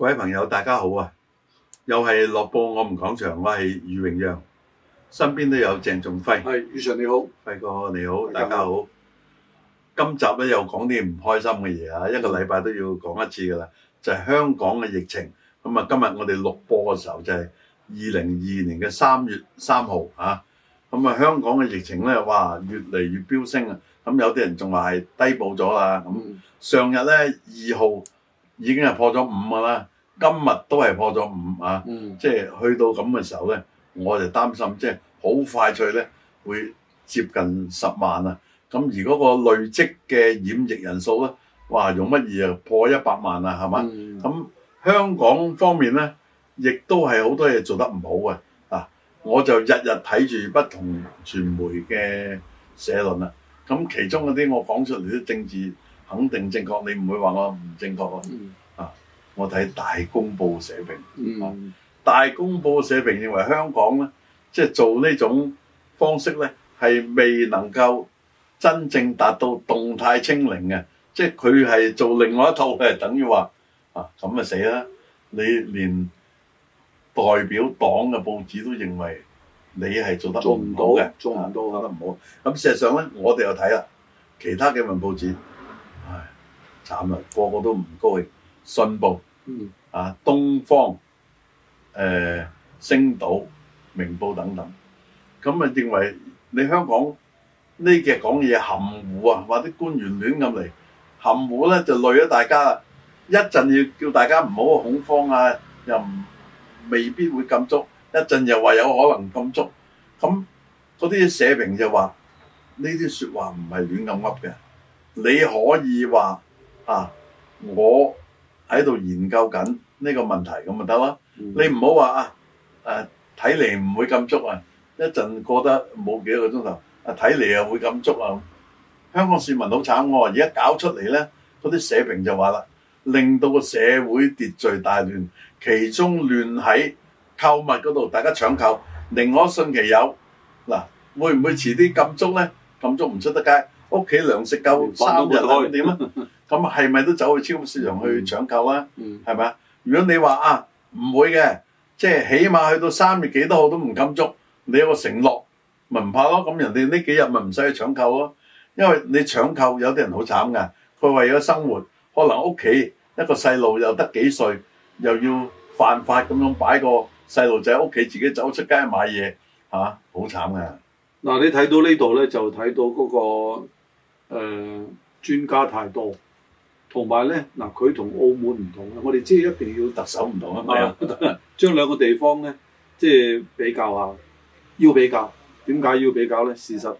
各位朋友，大家好啊！又係樂報，我們講場，我係余榮陽，身邊都有鄭仲輝。係余 Sir 你好，輝哥你好，大家好。今集咧又講啲唔開心嘅嘢啊！一個禮拜都要講一次噶啦，就係香港嘅疫情。咁啊，今日我哋錄播嘅時候就係二零二二年嘅三月三號啊。咁啊，香港嘅疫情咧，哇，越嚟越飆升啊！咁有啲人仲話係低報咗啦。咁上日咧二號已經係破咗五個啦。今日都係破咗五啊！嗯、即係去到咁嘅時候呢，我就擔心，即係好快脆呢會接近十萬啦。咁、啊、而嗰個累積嘅染疫人數呢，哇！用乜嘢啊破一百萬啊，係嘛？咁、嗯嗯嗯、香港方面呢，亦都係好多嘢做得唔好嘅啊！我就日日睇住不同傳媒嘅社論啦。咁、啊嗯嗯、其中嗰啲我講出嚟啲政治肯定正確，你唔會話我唔正確。我睇大公報社評，嗯、大公報社評認為香港咧，即係做呢種方式咧，係未能夠真正達到動態清零嘅，即係佢係做另外一套嘅，等於話啊咁啊死啦！你連代表黨嘅報紙都認為你係做得唔到嘅，中文都做得唔好。咁文事實上咧，我哋又睇啦，其他嘅文報紙，唉，慘啊，個個都唔高興。信報、啊、東方、誒、星島、明報等等，咁啊認為你香港呢啲講嘢含糊啊，話啲官員亂咁嚟含糊咧就累咗大家，一陣要叫大家唔好恐慌啊，又唔未必會禁足，一陣又話有可能禁足，咁嗰啲社評就話呢啲説話唔係亂咁噏嘅，你可以話啊我。喺度研究緊呢個問題，問題，咁咪得囉。Mm hmm. 你唔好話啊，誒睇嚟唔會禁足啊，一陣過得冇幾多個鐘頭，啊睇嚟又會禁足啊。香港市民好慘喎、啊，而家搞出嚟咧，嗰啲社評就話啦，令到個社會秩序大亂，其中亂喺購物嗰度，大家搶購，寧可信其有。嗱，會唔會遲啲禁足咧？禁足唔出得街。屋企糧食夠三日點啊？咁係咪都走去超級市場去搶購啊？係咪？如果你話啊唔會嘅，即係起碼去到三月幾多號都唔敢捉，你有個承諾咪唔怕咯？咁人哋呢幾日咪唔使去搶購咯？因為你搶購有啲人好慘噶，佢為咗生活，可能屋企一個細路又得幾歲，又要犯法咁樣擺個細路仔屋企自己走出街買嘢嚇，好慘噶！嗱，你睇到呢度咧，就睇到嗰個。誒、呃、專家太多，同埋咧嗱，佢同澳門唔同啦。我哋即係一定要特首唔同啊嘛， 將兩個地方咧即係比較下，要比較。點解要比較咧？事實誒、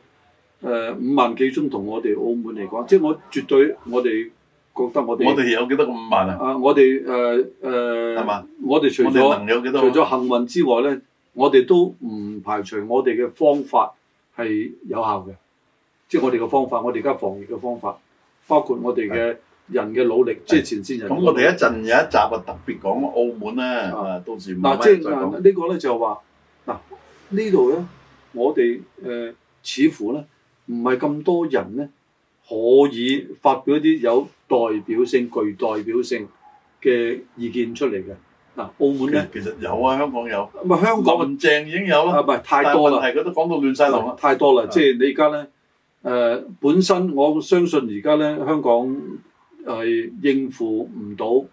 呃、五萬幾宗同我哋澳門嚟講，即係我絕對我哋覺得我哋我哋有幾多個五萬啊？啊，我哋誒誒，呃、嗎我哋除咗除咗幸運之外咧，我哋都唔排除我哋嘅方法係有效嘅。即係我哋嘅方法，我哋而家防疫嘅方法，包括我哋嘅人嘅努力，即係前線人。咁我哋一陣有一集啊，特別講澳門咧。啊，到時嗱，即係呢個咧就係話嗱，呢度咧，我哋誒似乎咧，唔係咁多人咧，可以發表啲有代表性、具代表性嘅意見出嚟嘅。嗱，澳門咧，assim, 其實有啊，香港有，唔係香港文正已經有啦。啊，唔係太多啦。係佢都講到亂晒龍啦。太多啦，即係你而家咧。誒、呃、本身我相信而家咧香港係應付唔到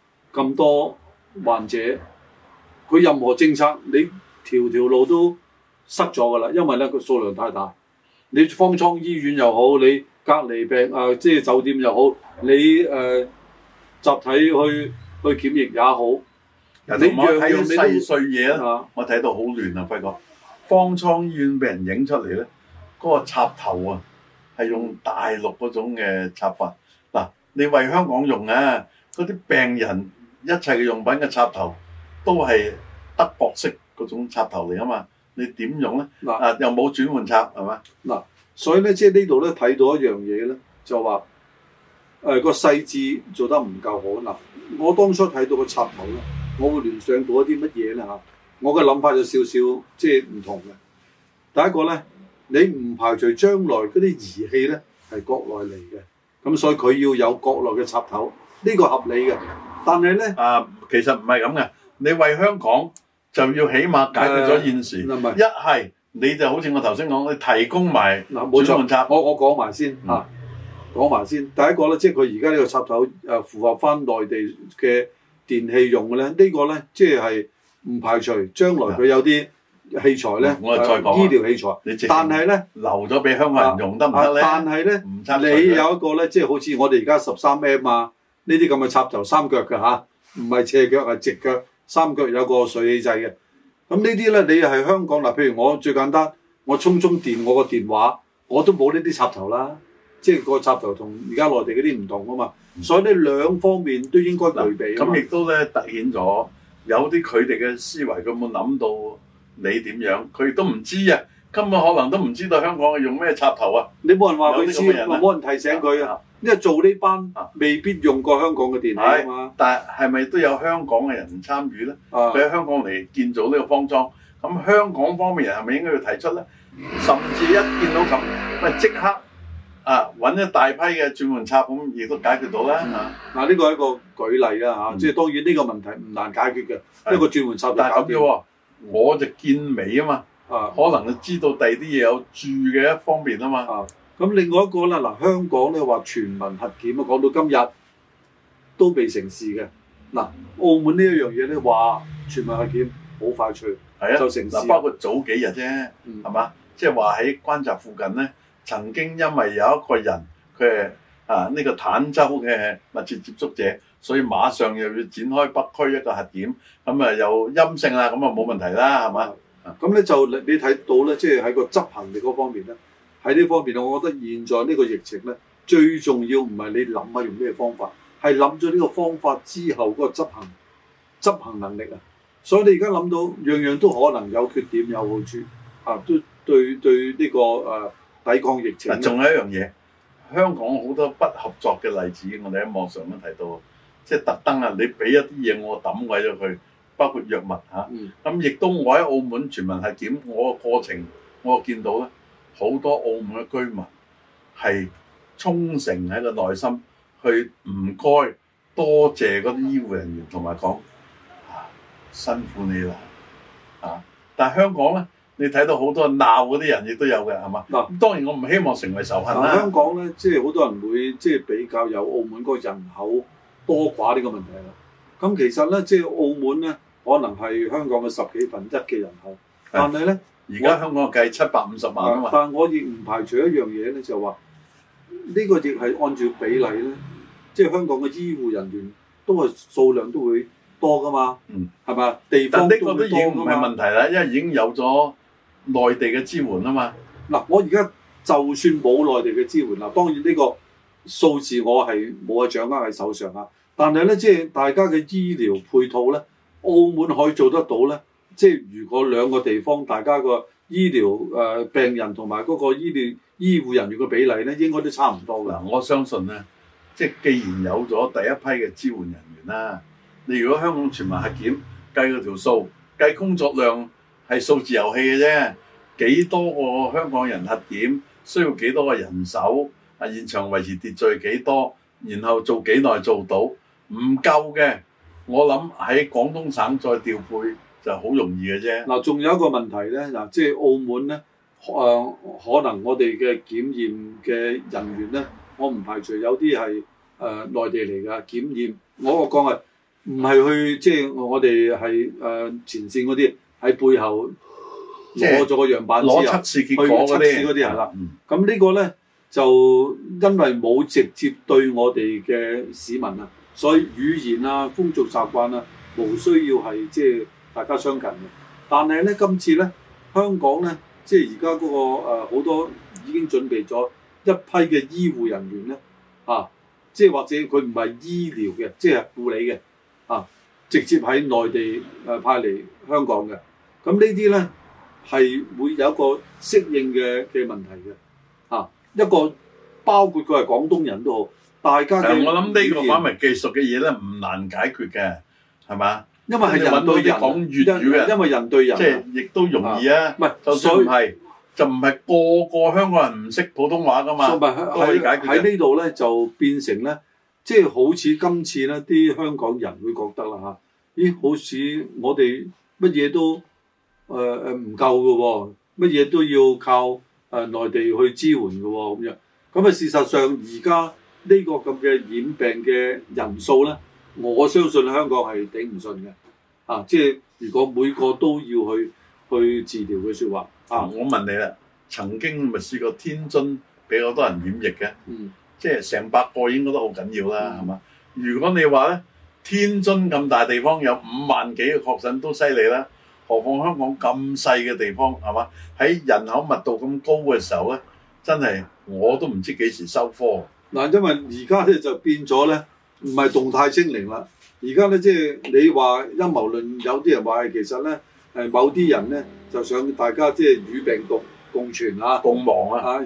咁多患者，佢任何政策，你條條路都塞咗㗎啦，因為咧個數量太大。你方艙醫院又好，你隔離病啊、呃，即係酒店又好，你誒、呃、集體去去檢疫也好，嗱有，你樣若樣細碎嘢，啊、我睇到好亂啊，輝哥。方艙醫院俾人影出嚟咧，嗰、那個插頭啊！係用大陸嗰種嘅插法，嗱、啊，你為香港用啊，嗰啲病人一切嘅用品嘅插頭都係德國式嗰種插頭嚟啊嘛，你點用咧？嗱、啊啊，又冇轉換插，係嘛？嗱、啊，所以咧，即、就、係、是、呢度咧睇到一樣嘢咧，就話誒、呃、個細緻做得唔夠好啦。我當初睇到個插頭咧，我會聯想到一啲乜嘢咧嚇？我嘅諗法有少少即係唔同嘅。第一個咧。你唔排除將來嗰啲儀器咧係國內嚟嘅，咁所以佢要有國內嘅插頭，呢、這個合理嘅。但係咧，啊，其實唔係咁嘅。你為香港就要起碼解決咗現時，一係、啊、你就好似我頭先講，你提供埋冇錯，我我講埋先嚇，講埋、嗯啊、先。第一個咧，即係佢而家呢個插頭誒、啊、符合翻內地嘅電器用嘅咧，這個、呢個咧即係唔排除將來佢有啲、嗯。器材咧，我係再講，醫療器材，但係咧留咗俾香港人用得唔得咧？但係咧，你有一個咧，即係好似我哋而家十三 M 啊，呢啲咁嘅插頭三腳嘅吓，唔係斜腳係直腳，三腳有個水氣掣嘅。咁呢啲咧，你係香港嗱，譬如我最簡單，我充充電，我個電話我都冇呢啲插頭啦，即係個插頭同而家內地嗰啲唔同啊嘛。所以呢兩方面都應該具備。咁亦都咧，突顯咗有啲佢哋嘅思維，咁。冇諗到。你點樣？佢都唔知啊，根本可能都唔知道香港係用咩插頭啊！你冇人話佢知，冇人提醒佢、啊。啊、因為做呢班啊，未必用過香港嘅電器、啊、但係係咪都有香港嘅人參與咧？佢喺、啊、香港嚟建造呢個方艙，咁、嗯啊、香港方面人係咪應該要提出咧？甚至一見到咁，咪即刻啊揾一大批嘅轉換插，咁亦都解決到啦，嗱呢個係一個舉例啦嚇，啊嗯、即係當然呢個問題唔難解決嘅，呢個轉換插就咁嘅我就見尾啊嘛，啊可能佢知道第二啲嘢有住嘅一方面啊嘛。咁、啊、另外一個咧嗱，香港咧話全民核檢啊，講到今日都未成事嘅。嗱、啊，澳門呢一樣嘢咧話全民核檢好快脆，係啊，就成事。嗱，包括早幾日啫，係嘛？即係話喺關閘附近咧，曾經因為有一個人佢係啊呢、呢個坦洲嘅密切接觸者。所以馬上又要展開北區一個核檢，咁啊有陰性啦，咁啊冇問題啦，係嘛？咁咧就你你睇到咧，即係喺個執行力嗰方面咧，喺呢方面我覺得現在呢個疫情咧，最重要唔係你諗下用咩方法，係諗咗呢個方法之後個執行執行能力啊。所以你而家諗到樣樣都可能有缺點，有好處，啊，都對對呢、呢個誒、呃、抵抗疫情。仲有一樣嘢，香港好多不合作嘅例子，我哋喺網上都睇到。即係特登啊！你俾一啲嘢我抌毀咗佢，包括藥物吓。咁、啊、亦、嗯嗯、都我喺澳門全民核檢，我個過程我見到咧，好多澳門嘅居民係衷誠喺個內心去唔該多謝嗰啲醫護人員，同埋講啊辛苦你啦啊！但係香港咧，你睇到好多鬧嗰啲人亦都有嘅係嘛？嗱，啊、當然我唔希望成為仇恨、啊啊就是、香港咧，即係好多人會即係、就是、比較有澳門嗰個人口。多寡呢個問題啦，咁其實咧，即係澳門咧，可能係香港嘅十幾分之一嘅人口，的但係咧，而家香港計七百五十萬啊嘛。但係我亦唔排除一樣嘢咧，就話呢個亦係按照比例咧，即係香港嘅醫護人員都係數量都會多噶嘛，嗯，係咪？地方呢個都已經唔係問題啦，因為已經有咗內地嘅支援啊嘛。嗱、啊，我而家就算冇內地嘅支援啦，當然呢個數字我係冇啊，掌握喺手上啦。但係咧，即係大家嘅醫療配套咧，澳門可以做得到咧。即係如果兩個地方大家醫、呃、個醫療誒病人同埋嗰個醫療醫護人員嘅比例咧，應該都差唔多啦，嗯。我相信咧，即係既然有咗第一批嘅支援人員啦，你如果香港全民核檢，計個條數，計工作量係數字遊戲嘅啫。幾多個香港人核檢，需要幾多個人手？啊，現場維持秩序幾多？然後做幾耐做到？唔夠嘅，我諗喺廣東省再調配就好容易嘅啫。嗱，仲有一個問題咧，嗱，即係澳門咧，誒可能我哋嘅檢驗嘅人員咧，我唔排除有啲係誒內地嚟噶檢驗。我個講係唔係去即係我哋係誒前線嗰啲，喺背後攞咗個樣本之後去測試結果嗰啲，係啦、嗯。咁呢個咧就因為冇直接對我哋嘅市民啊。所以語言啊、風俗習慣啊，無需要係即係大家相近嘅。但係咧，今次咧，香港咧，即係而家嗰個呃、好多已經準備咗一批嘅醫護人員咧，啊，即係或者佢唔係醫療嘅，即係護理嘅，啊，直接喺內地誒、呃、派嚟香港嘅。咁呢啲咧係會有一個適應嘅嘅問題嘅，啊，一個包括佢係廣東人都好。大家嘅我諗呢個反為技術嘅嘢咧，唔難解決嘅，係嘛？因為係人對人，因為人對人，即係亦都容易啊。唔係，所以就唔係個個香港人唔識普通話噶嘛？可以解決。喺呢度咧，就變成咧，即係好似今次咧，啲香港人會覺得啦吓。咦，好似我哋乜嘢都誒誒唔夠噶喎，乜嘢都要靠誒內地去支援噶喎咁樣。咁啊，事實上而家。呢個咁嘅染病嘅人數咧，我相信香港係頂唔順嘅。啊，即係如果每個都要去去治療嘅說話，啊，我問你啦，曾經咪試過天津比較多人染疫嘅，嗯，即係成百個應該都好緊要啦，係嘛、嗯？如果你話咧，天津咁大地方有五萬幾嘅確診都犀利啦，何況香港咁細嘅地方係嘛？喺人口密度咁高嘅時候咧，真係我都唔知幾時收科。嗱，因為而家咧就變咗咧，唔係動態清零啦。而家咧即係你話陰謀論，有啲人話係其實咧，誒某啲人咧就想大家即係與病毒共存啊，共亡啊。啊，而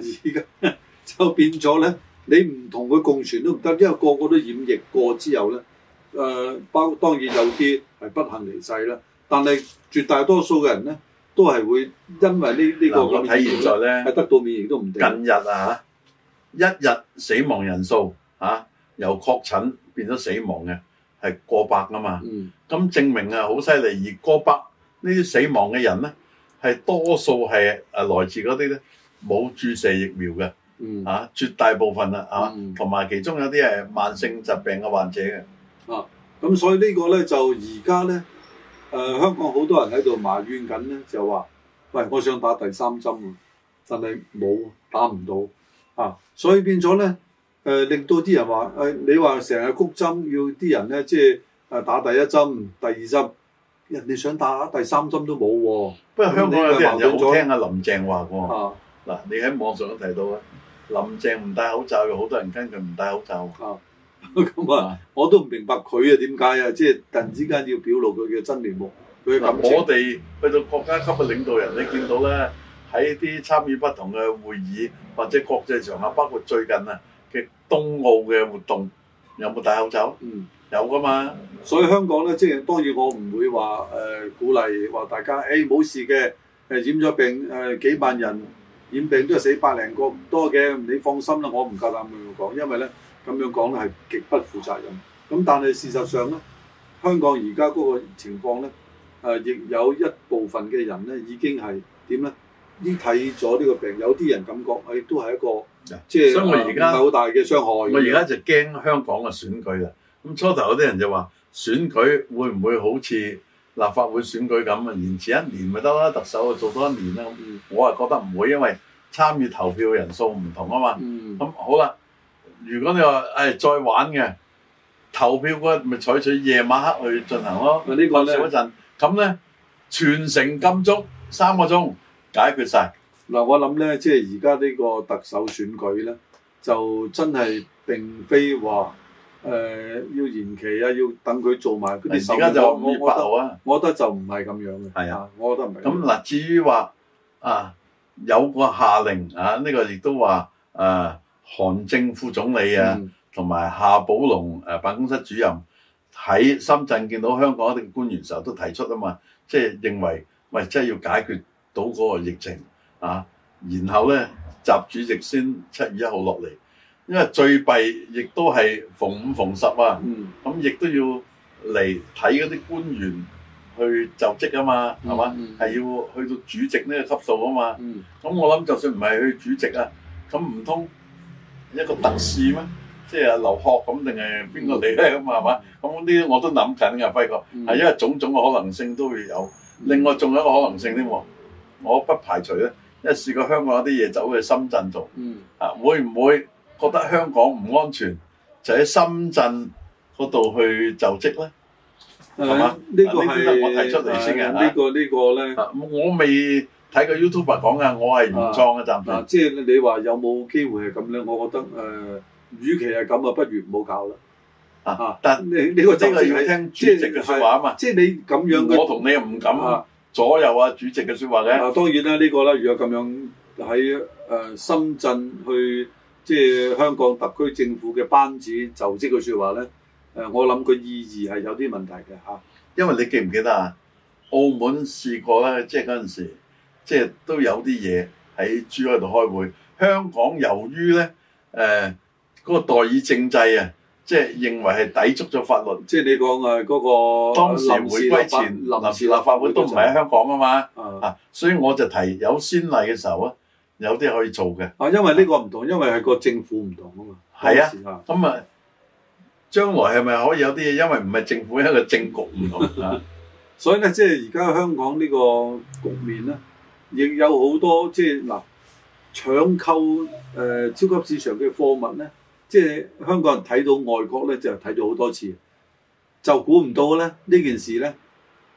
家就變咗咧，你唔同佢共存都唔得，因為個個都染疫過之後咧、呃，誒包當然有啲係不幸離世啦。但係絕大多數嘅人咧，都係會因為現在呢呢個個免疫咧，係得到免疫都唔得。近日啊！一日死亡人數嚇、啊、由確診變咗死亡嘅係過百啊嘛，咁、嗯、證明啊好犀利，而過百呢啲死亡嘅人咧係多數係誒來自嗰啲咧冇注射疫苗嘅，嚇、嗯啊、絕大部分啦嚇，同、啊、埋、嗯、其中有啲係慢性疾病嘅患者嘅。啊，咁所以個呢個咧就而家咧誒香港好多人喺度埋怨緊咧，就話喂我想打第三針啊，但係冇打唔到。啊！所以變咗咧，誒、呃、令到啲人話誒、呃，你話成日曲針要啲人咧，即係誒打第一針、第二針，人哋想打第三針都冇喎。不過香港嘅人有好聽阿林鄭話喎。嗱，你喺網上都睇到啊，林鄭唔戴口罩，嘅，好多人跟佢唔戴口罩。咁啊，啊啊啊啊我都唔明白佢啊點解啊，即係突然之間要表露佢嘅真面目，佢嘅感情、啊、我哋去到國家級嘅領導人，你見到咧。喺啲參與不同嘅會議或者國際場合，包括最近啊嘅冬奧嘅活動，有冇戴口罩？嗯，有噶嘛。所以香港咧，即係當然我唔會話誒、呃、鼓勵話大家，誒、欸、冇事嘅，誒、呃、染咗病誒、呃、幾萬人染病都係死百零個唔多嘅，你放心啦，我唔夠膽咁樣講，因為咧咁樣講咧係極不負責任。咁但係事實上咧，香港而家嗰個情況咧，誒、呃、亦有一部分嘅人咧已經係點咧？已經睇咗呢個病，有啲人感覺，誒都係一個，即係唔係好大嘅傷害。我而家就驚香港嘅選舉啦。咁初頭有啲人就話選舉會唔會好似立法會選舉咁延遲一年咪得啦？特首啊做多一年啦。我啊覺得唔會，因為參與投票嘅人數唔同啊嘛。咁、嗯、好啦，如果你話誒、哎、再玩嘅投票咪採取，取，取夜晚黑去進行咯。嗰陣咁咧，全城禁足三個鐘。解決晒。嗱，我諗咧，即係而家呢個特首選舉咧，就真係並非話誒、呃、要延期啊，要等佢做埋啲手續。而家就、啊、我覺得，我覺得就唔係咁樣嘅。係啊，啊我覺得唔係、啊。咁嗱，至於話啊，有個下令啊，呢、這個亦都話誒韓正副總理啊，同埋、嗯、夏寶龍誒、啊、辦公室主任喺深圳見到香港一定官員時候都提出啊嘛，即、就、係、是、認為喂，即、哎、係要解決。到嗰個疫情啊，然後咧習主席先七月一號落嚟，因為最弊亦都係逢五逢十哇、啊，咁亦、嗯啊、都要嚟睇嗰啲官員去就職啊嘛，係嘛、嗯？係要去到主席呢個級數啊嘛，咁我諗就算唔係去主席啊，咁唔通一個特使咩？即係劉鶴咁定係邊個嚟咧？咁啊嘛，咁呢啲我都諗緊噶，輝哥，係因為種種嘅可能性都會有，另外仲有一個可能性添、嗯嗯嗯嗯我不排除咧，因為試過香港有啲嘢走去深圳做，啊會唔會覺得香港唔安全，就喺深圳嗰度去就職咧？係嘛？呢個係我提出嚟先，呢個呢個咧。我未睇過 YouTuber 講嘅，我係唔創嘅，暫時。即係你話有冇機會係咁咧？我覺得誒，與其係咁啊，不如唔好搞啦。啊，但你呢個真係要聽主席嘅説話啊嘛。即係你咁樣，我同你又唔敢。左右啊！主席嘅説話咧，嗱當然啦，呢、這個啦，如果咁樣喺誒、呃、深圳去即係香港特區政府嘅班子就職嘅説話咧，誒、呃、我諗佢意義係有啲問題嘅嚇，啊、因為你記唔記得啊？澳門試過咧，即係嗰陣時，即係都有啲嘢喺珠海度開會。香港由於咧誒嗰個代議政制啊。即係認為係抵觸咗法律，即係你講誒嗰個當時回歸前臨時立法會都唔係喺香港啊嘛，啊，所以我就提有先例嘅時候啊，有啲可以做嘅。啊，因為呢個唔同，因為係個政府唔同啊嘛。係啊，咁時啊，啊，將來係咪可以有啲嘢？因為唔係政府一個政局唔同 啊，所以咧，即係而家香港呢個局面咧，亦有好多即係嗱搶購誒、呃、超級市場嘅貨物咧。即係香港人睇到外國咧，就睇咗好多次，就估唔到咧呢件事咧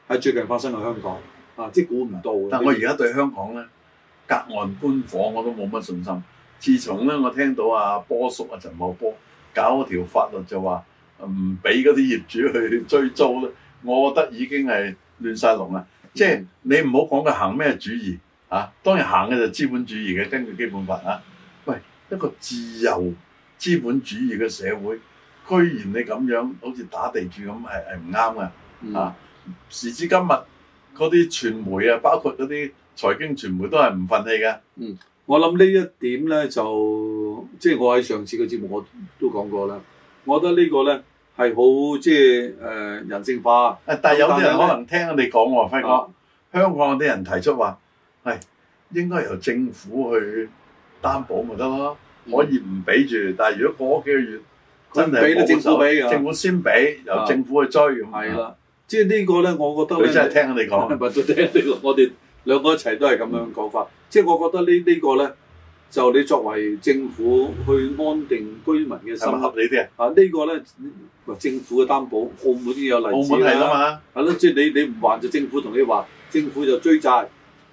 喺最近發生喺香港、嗯、啊！即係估唔到。但我而家對香港咧隔岸觀火，我都冇乜信心。自從咧我聽到阿、啊、波叔啊、陳茂波搞嗰條法律就話唔俾嗰啲業主去追租咧，我覺得已經係亂晒龍啦！即、就、係、是、你唔好講佢行咩主義嚇、啊，當然行嘅就資本主義嘅，根據基本法嚇、啊。喂，一個自由。資本主義嘅社會，居然你咁樣好似打地主咁，係係唔啱噶啊！嗯、時至今日，嗰啲傳媒啊，包括嗰啲財經傳媒都係唔憤氣嘅。嗯，我諗呢一點咧，就即係我喺上次嘅節目我都講過啦。我覺得呢個咧係好即係誒人性化。誒，但係有啲人可能聽你講喎，輝哥，香港啲人提出話係應該由政府去擔保咪得咯。可以唔俾住，但係如果過咗幾個月，佢真係政府俾嘅，政府先俾，係由政府去追。係啦係，即係呢個咧，我覺得。佢真係聽緊你講。咪都聽啲咯，我哋兩個一齊都係咁樣講法。即係我覺得呢呢個咧，就你作為政府去安定居民嘅心，合理啲啊！啊，呢個咧，政府嘅擔保，澳門都有例子啊。澳門係啦嘛，係咯，即係你你唔還就政府同你還，政府就追債。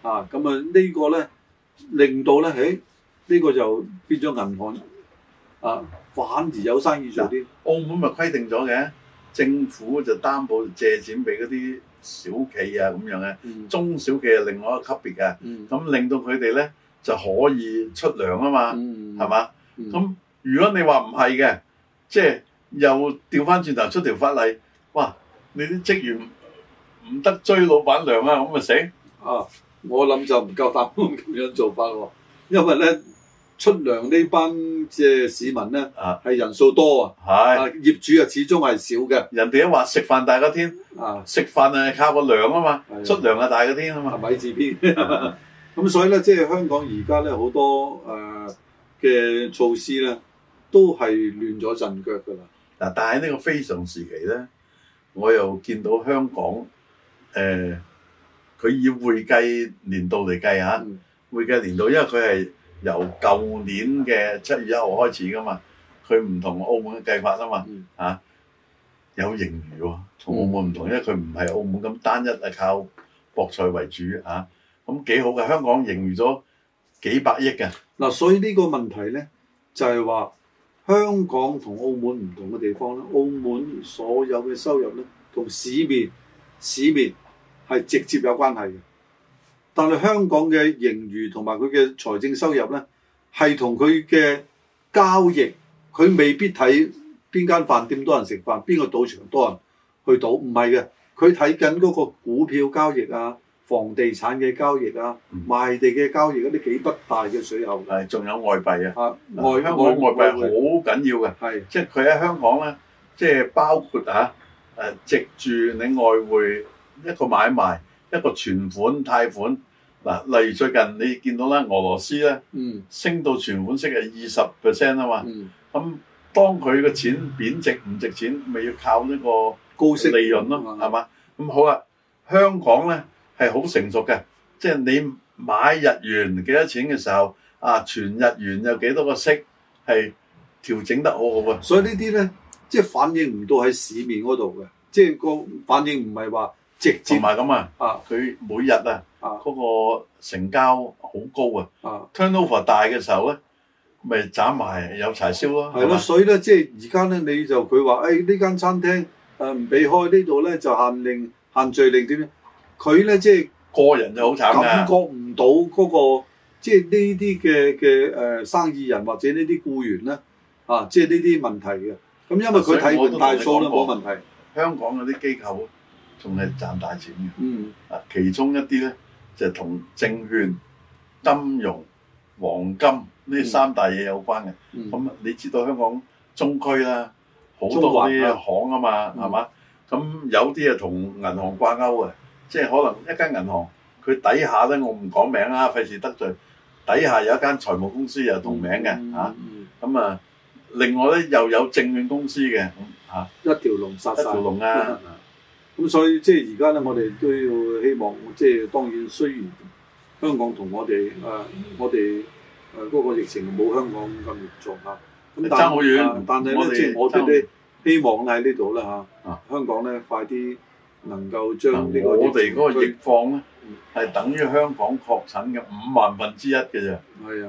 啊，咁啊呢個咧，令到咧，誒。呢個就變咗銀行啊，反而有生意做。澳門咪規定咗嘅，政府就擔保借錢俾嗰啲小企啊咁樣嘅，嗯、中小企係另外一個級別嘅。咁、嗯、令到佢哋咧就可以出糧啊嘛，係嘛？咁如果你話唔係嘅，即係又調翻轉頭出條法例，哇！你啲職員唔得追老闆娘啊，咁咪死啊！我諗就唔夠膽咁樣做法喎。因為咧出糧呢班即係市民咧，係人數多啊，業主啊始終係少嘅。人哋一話食飯大家天啊，食飯啊靠個糧啊嘛，的出糧啊大過天啊嘛，咪字邊咁，所以咧即係香港而家咧好多誒嘅、呃、措施咧都係亂咗陣腳㗎啦。嗱，但係呢個非常時期咧，我又見到香港誒佢、呃嗯、以會計年度嚟計嚇。嗯會計年度，因為佢係由舊年嘅七月一號開始噶嘛，佢唔同澳門嘅計法啊嘛，嚇，有盈餘喎，同澳門唔同，因為佢唔係澳門咁單一係靠博彩為主嚇，咁幾好嘅，香港盈餘咗幾百億嘅。嗱，所以呢個問題咧就係話香港同澳門唔同嘅地方咧，澳門所有嘅收入咧同市面市面係直接有關係嘅。但係香港嘅盈餘同埋佢嘅財政收入咧，係同佢嘅交易，佢未必睇邊間飯店多人食飯，邊個賭場多人去賭，唔係嘅，佢睇緊嗰個股票交易啊、房地產嘅交易啊、賣地嘅交易嗰啲幾筆大嘅水喉。係，仲有外幣啊！啊外香港外幣好緊要嘅，即係佢喺香港咧，即係包括啊，誒藉住你外匯一個買賣。一個存款、貸款嗱，例如最近你見到啦，俄羅斯咧、嗯、升到存款息係二十 percent 啊嘛，咁、嗯嗯、當佢嘅錢貶值唔值錢，咪息要靠呢個高息利潤咯，係嘛吧？咁、嗯、好啊，香港咧係好成熟嘅，即、就、係、是、你買日元幾多錢嘅時候啊，全日元有幾多個息係調整得好好啊！所以呢啲咧，即、就、係、是、反映唔到喺市面嗰度嘅，即、就、係、是、個反應唔係話。直接埋咁啊，佢每日啊，嗰、啊啊、個成交好高啊，啊，turnover 大嘅時候咧，咪斬埋有柴燒咯、啊。係咯吧，所以咧，即係而家咧，你就佢話誒呢間餐廳誒唔俾開呢度咧，就限令限聚令點樣？佢咧即係個人就好慘㗎、啊。感覺唔到嗰、那個即係呢啲嘅嘅誒生意人或者呢啲僱員咧啊，即係呢啲問題嘅、啊。咁因為佢睇唔大數咧、啊，冇問題。香港嗰啲機構。仲係賺大錢嘅，啊，其中一啲咧就同、係、證券、金融、黃金呢三大嘢有關嘅。咁、嗯、你知道香港中區啦，好多啲行啊嘛，係嘛？咁有啲啊同銀行掛鈎嘅，即係可能一間銀行，佢底下咧我唔講名啦，費事得罪。底下有一間財務公司又同名嘅嚇，咁、嗯嗯、啊，啊，另外咧又有證券公司嘅嚇，啊、一條龍殺曬，一條龍啊！嗯咁所以即係而家咧，我哋都要希望，即係當然，雖然香港同我哋啊，我哋嗰個疫情冇香港咁嚴重嚇。咁但係啊，但係咧，即係我哋希望喺呢度咧嚇。香港咧，快啲能夠將我哋嗰個疫況咧，係等於香港確診嘅五萬分之一嘅啫。係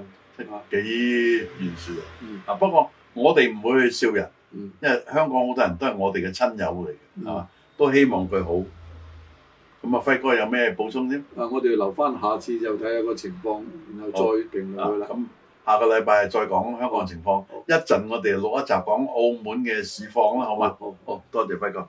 啊，幾懸殊啊！啊、嗯、不過我哋唔會去笑人，因為香港好多人都係我哋嘅親友嚟嘅，係嘛、嗯？都希望佢好，咁啊，輝哥有咩補充添？啊，我哋留翻下，下次就睇下個情況，然後再定落去啦。咁下個禮拜再講香港情況，好一陣我哋錄一集講澳門嘅市況啦，好嗎？好好，好，多謝輝哥。